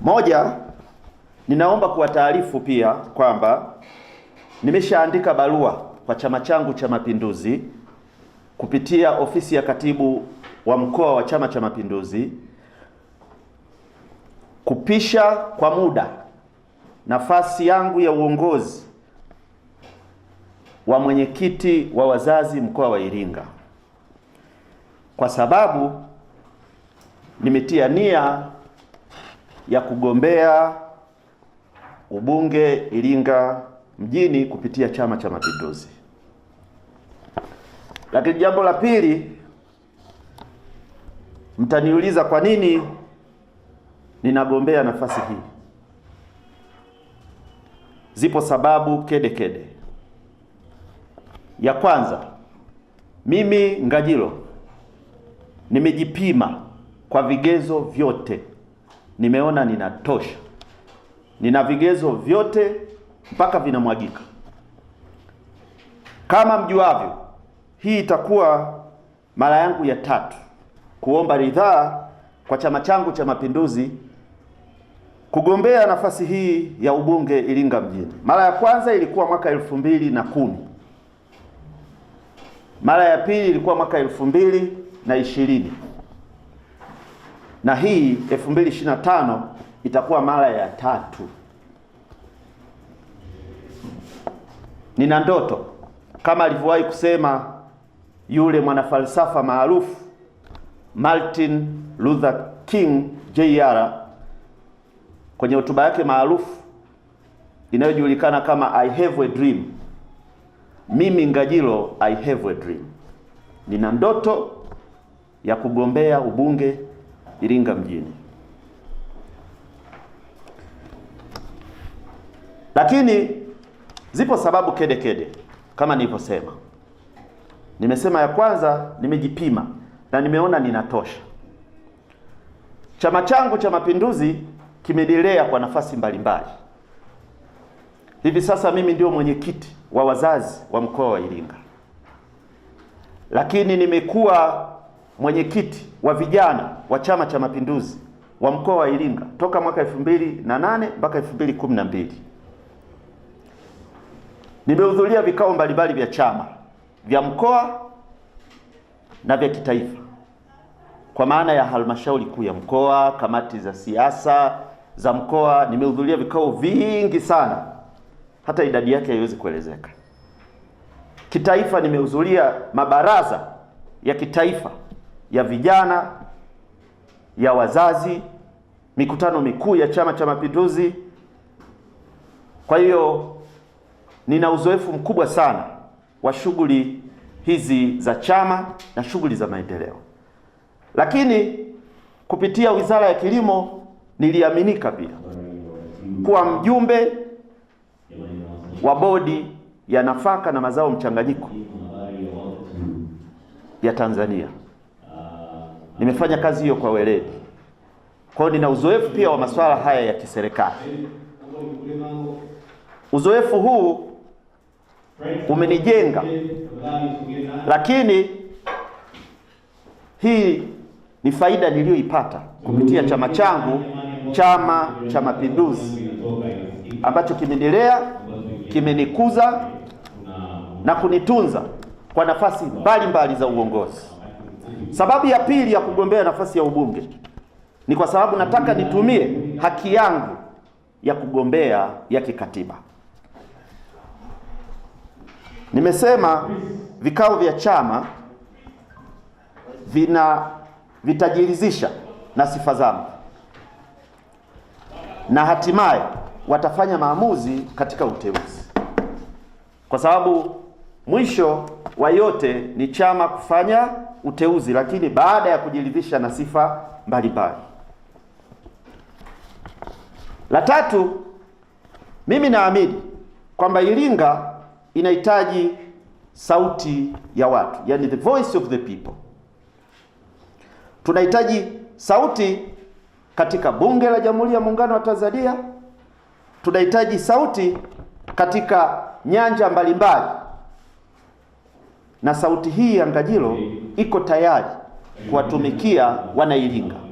Moja, ninaomba kuwataarifu pia kwamba nimeshaandika barua kwa chama changu cha Mapinduzi kupitia ofisi ya katibu wa mkoa wa Chama cha Mapinduzi kupisha kwa muda nafasi yangu ya uongozi wa mwenyekiti wa wazazi mkoa wa Iringa kwa sababu nimetia nia ya kugombea ubunge Iringa mjini kupitia Chama cha Mapinduzi. Lakini jambo la pili, mtaniuliza kwa nini ninagombea nafasi hii. Zipo sababu kede kede. Ya kwanza, mimi Ngajilo nimejipima kwa vigezo vyote nimeona ninatosha, nina vigezo vyote mpaka vinamwagika. Kama mjuavyo, hii itakuwa mara yangu ya tatu kuomba ridhaa kwa chama changu cha Mapinduzi kugombea nafasi hii ya ubunge Iringa mjini. Mara ya kwanza ilikuwa mwaka elfu mbili na kumi, mara ya pili ilikuwa mwaka elfu mbili na ishirini na hii 2025 itakuwa mara ya tatu. Nina ndoto kama alivyowahi kusema yule mwanafalsafa maarufu Martin Luther King Jr kwenye hotuba yake maarufu inayojulikana kama I have a dream. Mimi Ngajilo I have a dream, nina ndoto ya kugombea ubunge Iringa mjini. Lakini zipo sababu kede kede kama nilivyosema. Nimesema ya kwanza, nimejipima na nimeona ninatosha. Chama changu cha Mapinduzi kimedelea kwa nafasi mbalimbali. Hivi sasa mimi ndio mwenyekiti wa wazazi wa mkoa wa Iringa, lakini nimekuwa mwenyekiti wa vijana wa Chama cha Mapinduzi wa mkoa wa Iringa toka mwaka 2008 mpaka 2012. Nimehudhuria vikao mbalimbali vya chama vya mkoa na vya kitaifa kwa maana ya halmashauri kuu ya mkoa, kamati za siasa za mkoa. Nimehudhuria vikao vingi sana, hata idadi yake haiwezi kuelezeka. Kitaifa nimehudhuria mabaraza ya kitaifa ya vijana ya wazazi, mikutano mikuu ya Chama cha Mapinduzi. Kwa hiyo nina uzoefu mkubwa sana wa shughuli hizi za chama na shughuli za maendeleo, lakini kupitia Wizara ya Kilimo niliaminika pia kuwa mjumbe wa Bodi ya Nafaka na Mazao Mchanganyiko ya Tanzania nimefanya kazi hiyo kwa weledi, kwa hiyo nina uzoefu pia wa masuala haya ya kiserikali. Uzoefu huu umenijenga, lakini hii ni faida niliyoipata kupitia chama changu, Chama cha Mapinduzi, ambacho kimenilea, kimenikuza na kunitunza kwa nafasi mbalimbali mbali za uongozi. Sababu ya pili ya kugombea nafasi ya ubunge ni kwa sababu nataka nitumie haki yangu ya kugombea ya kikatiba. Nimesema vikao vya chama vina vitajiridhisha na sifa zangu na hatimaye watafanya maamuzi katika uteuzi, kwa sababu Mwisho wa yote ni chama kufanya uteuzi, lakini baada ya kujiridhisha na sifa mbalimbali. La tatu, mimi naamini kwamba Iringa inahitaji sauti ya watu, yani the voice of the people. Tunahitaji sauti katika Bunge la Jamhuri ya Muungano wa Tanzania, tunahitaji sauti katika nyanja mbalimbali na sauti hii ya Ngajilo iko tayari kuwatumikia wanailinga